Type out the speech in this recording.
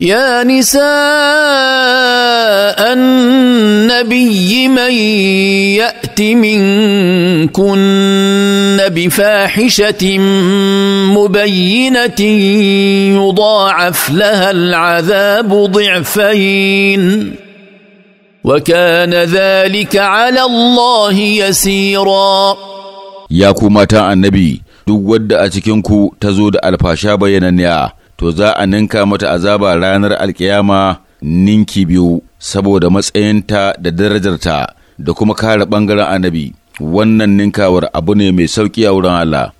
يا نساء النبي من يات منكن بفاحشه مبينه يضاعف لها العذاب ضعفين وكان ذلك على الله يسيرا يا كومتا النبي دو ود a تزود ta zo to za a ninka mata azaba ranar alkiyama ninki biyu saboda matsayinta da darajarta da kuma kare ɓangaren annabi wannan ninkawar abu ne mai sauƙi a wurin Allah.